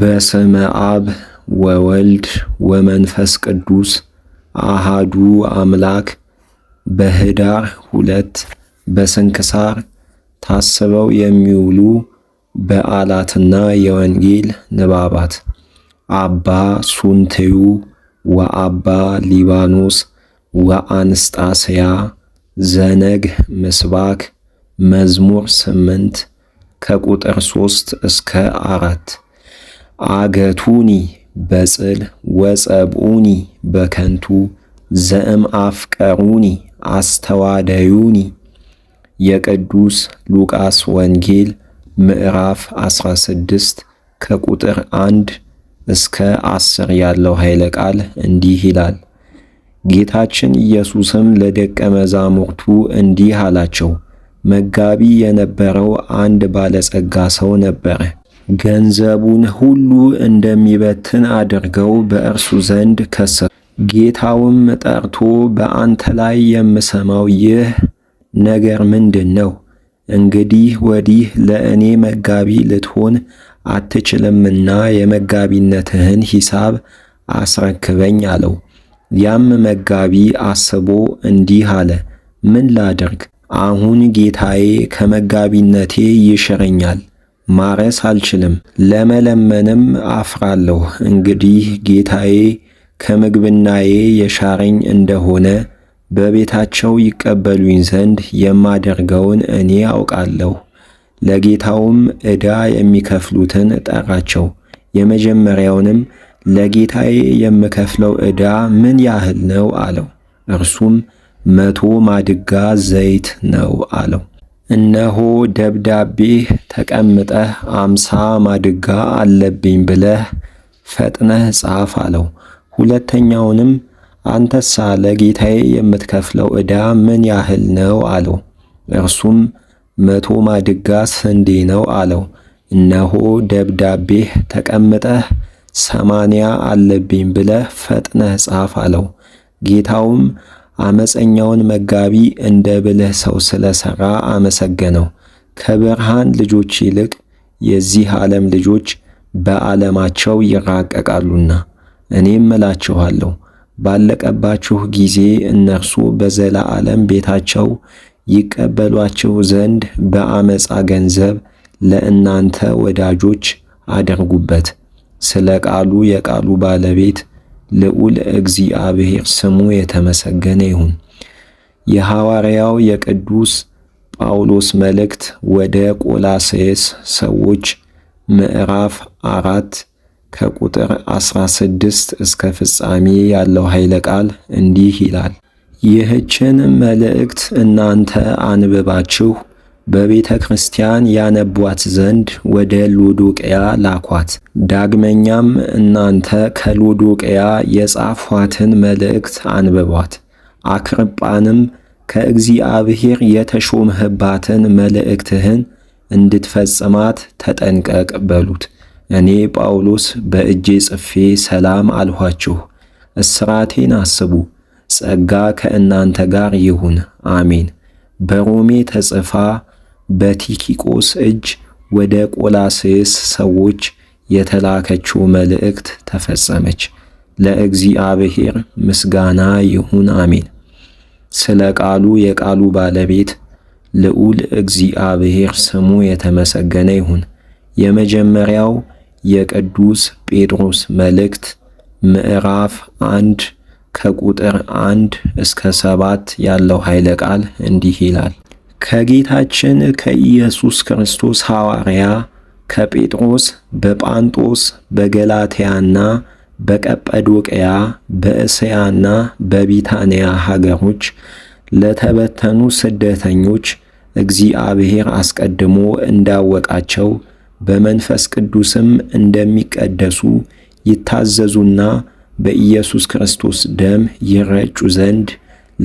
በስመ አብ ወወልድ ወመንፈስ ቅዱስ አሃዱ አምላክ። በህዳር ሁለት በስንክሳር ታስበው የሚውሉ በዓላትና የወንጌል ንባባት አባ ሱንትዩ ወአባ ሊባኖስ ወአንስጣስያ ዘነግ ምስባክ መዝሙር ስምንት ከቁጥር ሶስት እስከ አራት አገቱኒ በጽል ወጸብኡኒ በከንቱ ዘእም አፍቀሩኒ አስተዋደዩኒ። የቅዱስ ሉቃስ ወንጌል ምዕራፍ 16 ከቁጥር 1 እስከ 10 ያለው ኃይለ ቃል እንዲህ ይላል። ጌታችን ኢየሱስም ለደቀ መዛሙርቱ እንዲህ አላቸው። መጋቢ የነበረው አንድ ባለጸጋ ሰው ነበረ። ገንዘቡን ሁሉ እንደሚበትን አድርገው በእርሱ ዘንድ ከሰሱ። ጌታውም ጠርቶ በአንተ ላይ የምሰማው ይህ ነገር ምንድን ነው? እንግዲህ ወዲህ ለእኔ መጋቢ ልትሆን አትችልምና የመጋቢነትህን ሂሳብ አስረክበኝ አለው። ያም መጋቢ አስቦ እንዲህ አለ፣ ምን ላድርግ? አሁን ጌታዬ ከመጋቢነቴ ይሽረኛል ማረስ አልችልም፣ ለመለመንም አፍራለሁ። እንግዲህ ጌታዬ ከምግብናዬ የሻረኝ እንደሆነ በቤታቸው ይቀበሉኝ ዘንድ የማደርገውን እኔ አውቃለሁ። ለጌታውም ዕዳ የሚከፍሉትን ጠራቸው። የመጀመሪያውንም ለጌታዬ የምከፍለው ዕዳ ምን ያህል ነው አለው። እርሱም መቶ ማድጋ ዘይት ነው አለው። እነሆ ደብዳቤህ ተቀምጠህ አምሳ ማድጋ አለብኝ ብለህ ፈጥነህ ጻፍ አለው። ሁለተኛውንም አንተሳ ለጌታዬ የምትከፍለው ዕዳ ምን ያህል ነው አለው። እርሱም መቶ ማድጋ ስንዴ ነው አለው። እነሆ ደብዳቤህ ተቀምጠህ ሰማንያ አለብኝ ብለህ ፈጥነህ ጻፍ አለው። ጌታውም አመፀኛውን መጋቢ እንደ ብልህ ሰው ስለሰራ አመሰገነው። ከብርሃን ልጆች ይልቅ የዚህ ዓለም ልጆች በዓለማቸው ይራቀቃሉና፣ እኔም እላችኋለሁ ባለቀባችሁ ጊዜ እነርሱ በዘላ ዓለም ቤታቸው ይቀበሏችሁ ዘንድ በአመፃ ገንዘብ ለእናንተ ወዳጆች አደርጉበት። ስለ ቃሉ የቃሉ ባለቤት ልዑል እግዚአብሔር ስሙ የተመሰገነ ይሁን። የሐዋርያው የቅዱስ ጳውሎስ መልእክት ወደ ቆላስይስ ሰዎች ምዕራፍ አራት ከቁጥር 16 እስከ ፍጻሜ ያለው ኃይለ ቃል እንዲህ ይላል። ይህችን መልእክት እናንተ አንብባችሁ በቤተ ክርስቲያን ያነቧት ዘንድ ወደ ሎዶቅያ ላኳት። ዳግመኛም እናንተ ከሎዶቅያ የጻፏትን መልእክት አንብቧት። አክርጳንም ከእግዚአብሔር የተሾምህባትን መልእክትህን እንድትፈጽማት ተጠንቀቅ በሉት። እኔ ጳውሎስ በእጄ ጽፌ ሰላም አልኋችሁ። እስራቴን አስቡ። ጸጋ ከእናንተ ጋር ይሁን፣ አሜን። በሮሜ ተጽፋ በቲኪቆስ እጅ ወደ ቆላስይስ ሰዎች የተላከችው መልእክት ተፈጸመች። ለእግዚአብሔር ምስጋና ይሁን አሜን። ስለ ቃሉ የቃሉ ባለቤት ልዑል እግዚአብሔር ስሙ የተመሰገነ ይሁን። የመጀመሪያው የቅዱስ ጴጥሮስ መልእክት ምዕራፍ አንድ ከቁጥር አንድ እስከ ሰባት ያለው ኃይለ ቃል እንዲህ ይላል። ከጌታችን ከኢየሱስ ክርስቶስ ሐዋርያ ከጴጥሮስ በጳንጦስ በገላትያና በቀጰዶቅያ በእስያና በቢታንያ ሀገሮች ለተበተኑ ስደተኞች እግዚአብሔር አስቀድሞ እንዳወቃቸው በመንፈስ ቅዱስም እንደሚቀደሱ ይታዘዙና በኢየሱስ ክርስቶስ ደም ይረጩ ዘንድ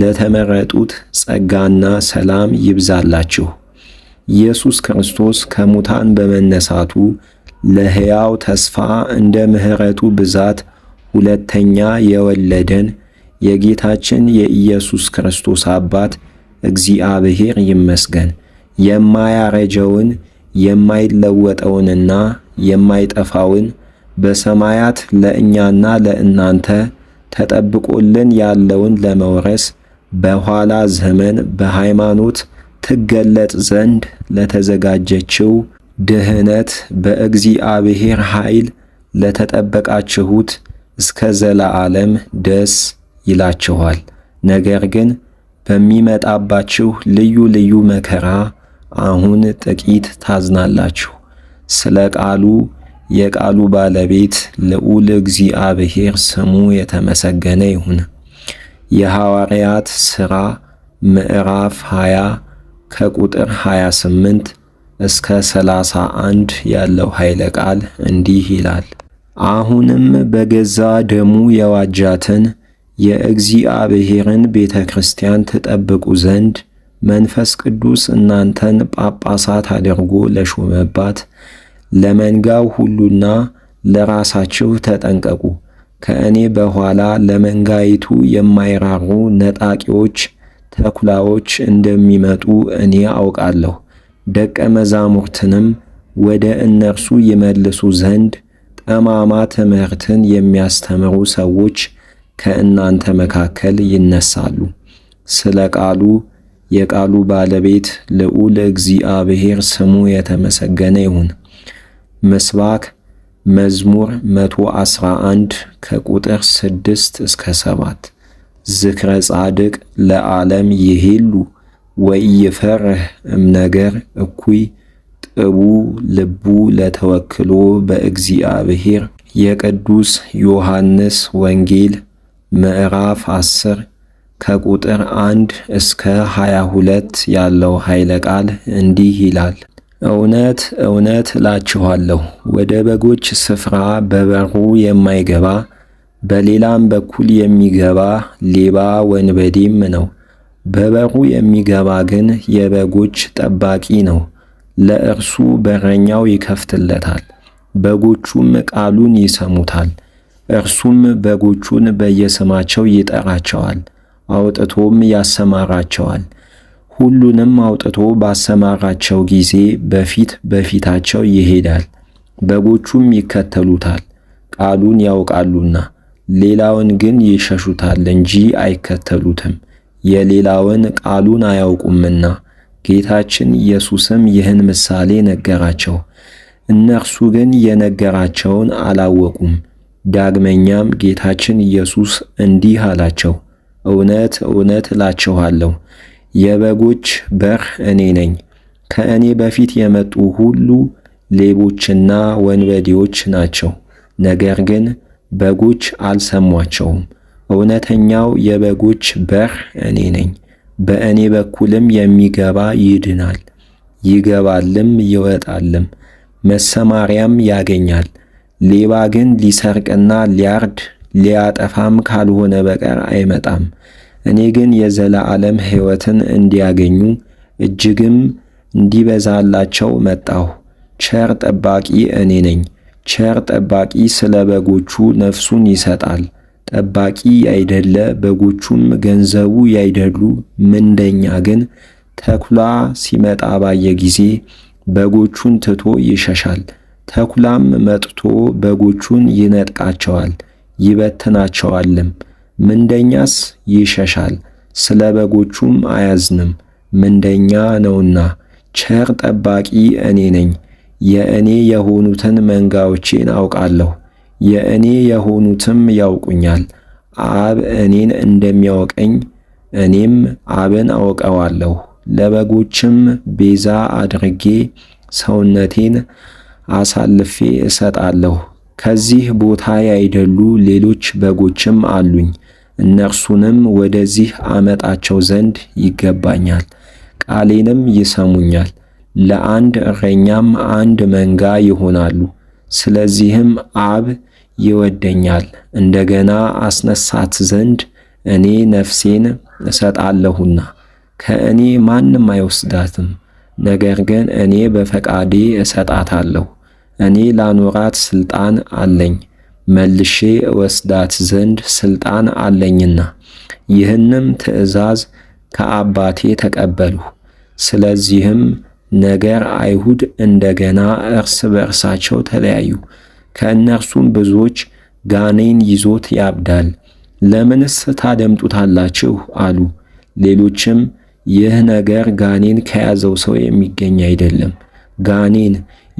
ለተመረጡት ጸጋና ሰላም ይብዛላችሁ። ኢየሱስ ክርስቶስ ከሙታን በመነሳቱ ለሕያው ተስፋ እንደ ምሕረቱ ብዛት ሁለተኛ የወለደን የጌታችን የኢየሱስ ክርስቶስ አባት እግዚአብሔር ይመስገን። የማያረጀውን የማይለወጠውንና የማይጠፋውን በሰማያት ለእኛና ለእናንተ ተጠብቆልን ያለውን ለመውረስ በኋላ ዘመን በሃይማኖት ትገለጥ ዘንድ ለተዘጋጀችው ድህነት በእግዚአብሔር ኃይል ለተጠበቃችሁት እስከ ዘለዓለም ደስ ይላችኋል። ነገር ግን በሚመጣባችሁ ልዩ ልዩ መከራ አሁን ጥቂት ታዝናላችሁ። ስለ ቃሉ የቃሉ ባለቤት ልዑል እግዚአብሔር ስሙ የተመሰገነ ይሁን። የሐዋርያት ሥራ ምዕራፍ 20 ከቁጥር 28 እስከ 31 ያለው ኃይለ ቃል እንዲህ ይላል። አሁንም በገዛ ደሙ የዋጃትን የእግዚአብሔርን ቤተ ክርስቲያን ትጠብቁ ዘንድ መንፈስ ቅዱስ እናንተን ጳጳሳት አድርጎ ለሾመባት ለመንጋው ሁሉና ለራሳችሁ ተጠንቀቁ። ከእኔ በኋላ ለመንጋይቱ የማይራሩ ነጣቂዎች ተኩላዎች እንደሚመጡ እኔ አውቃለሁ። ደቀ መዛሙርትንም ወደ እነርሱ ይመልሱ ዘንድ ጠማማ ትምህርትን የሚያስተምሩ ሰዎች ከእናንተ መካከል ይነሳሉ። ስለ ቃሉ የቃሉ ባለቤት ልዑል እግዚአብሔር ስሙ የተመሰገነ ይሁን። ምስባክ መዝሙር 111 ከቁጥር 6 እስከ 7 ዝክረ ጻድቅ ለዓለም ይሄሉ ወኢይፈርህ እምነገር እኩይ ጥቡ ልቡ ለተወክሎ በእግዚአብሔር። የቅዱስ ዮሐንስ ወንጌል ምዕራፍ 10 ከቁጥር 1 እስከ 22 ያለው ኃይለ ቃል እንዲህ ይላል እውነት እውነት እላችኋለሁ ወደ በጎች ስፍራ በበሩ የማይገባ በሌላም በኩል የሚገባ ሌባ ወንበዴም ነው። በበሩ የሚገባ ግን የበጎች ጠባቂ ነው። ለእርሱ በረኛው ይከፍትለታል፣ በጎቹም ቃሉን ይሰሙታል። እርሱም በጎቹን በየስማቸው ይጠራቸዋል፣ አውጥቶም ያሰማራቸዋል ሁሉንም አውጥቶ ባሰማራቸው ጊዜ በፊት በፊታቸው ይሄዳል፣ በጎቹም ይከተሉታል። ቃሉን ያውቃሉና ሌላውን ግን ይሸሹታል እንጂ አይከተሉትም፣ የሌላውን ቃሉን አያውቁምና። ጌታችን ኢየሱስም ይህን ምሳሌ ነገራቸው። እነርሱ ግን የነገራቸውን አላወቁም። ዳግመኛም ጌታችን ኢየሱስ እንዲህ አላቸው፣ እውነት እውነት እላችኋለሁ የበጎች በር እኔ ነኝ። ከእኔ በፊት የመጡ ሁሉ ሌቦችና ወንበዴዎች ናቸው፣ ነገር ግን በጎች አልሰሟቸውም። እውነተኛው የበጎች በር እኔ ነኝ። በእኔ በኩልም የሚገባ ይድናል፣ ይገባልም ይወጣልም፣ መሰማሪያም ያገኛል። ሌባ ግን ሊሰርቅና ሊያርድ ሊያጠፋም ካልሆነ በቀር አይመጣም። እኔ ግን የዘላለም ሕይወትን እንዲያገኙ እጅግም እንዲበዛላቸው መጣሁ። ቸር ጠባቂ እኔ ነኝ። ቸር ጠባቂ ስለ በጎቹ ነፍሱን ይሰጣል። ጠባቂ ያይደለ በጎቹም ገንዘቡ ያይደሉ፣ ምንደኛ ግን ተኩላ ሲመጣ ባየ ጊዜ በጎቹን ትቶ ይሸሻል። ተኩላም መጥቶ በጎቹን ይነጥቃቸዋል፣ ይበትናቸዋልም። ምንደኛስ ይሸሻል፣ ስለ በጎቹም አያዝንም፣ ምንደኛ ነውና። ቸር ጠባቂ እኔ ነኝ። የእኔ የሆኑትን መንጋዎቼን አውቃለሁ፣ የእኔ የሆኑትም ያውቁኛል። አብ እኔን እንደሚያውቀኝ እኔም አብን አውቀዋለሁ። ለበጎችም ቤዛ አድርጌ ሰውነቴን አሳልፌ እሰጣለሁ። ከዚህ ቦታ ያይደሉ ሌሎች በጎችም አሉኝ። እነርሱንም ወደዚህ አመጣቸው ዘንድ ይገባኛል፣ ቃሌንም ይሰሙኛል፣ ለአንድ እረኛም አንድ መንጋ ይሆናሉ። ስለዚህም አብ ይወደኛል፣ እንደገና አስነሳት ዘንድ እኔ ነፍሴን እሰጣለሁና ከእኔ ማንም አይወስዳትም። ነገር ግን እኔ በፈቃዴ እሰጣታለሁ፣ እኔ ላኖራት ስልጣን አለኝ። መልሼ ወስዳት ዘንድ ስልጣን አለኝና ይህንም ትእዛዝ ከአባቴ ተቀበልሁ። ስለዚህም ነገር አይሁድ እንደገና እርስ በእርሳቸው ተለያዩ። ከእነርሱም ብዙዎች ጋኔን ይዞት ያብዳል፣ ለምንስ ታደምጡታላችሁ አሉ። ሌሎችም ይህ ነገር ጋኔን ከያዘው ሰው የሚገኝ አይደለም፣ ጋኔን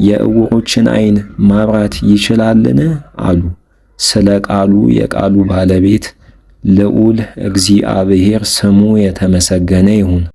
የእውሮችን ዓይን ማብራት ይችላልን? አሉ። ስለ ቃሉ የቃሉ ባለቤት ልዑል እግዚአብሔር ስሙ የተመሰገነ ይሁን።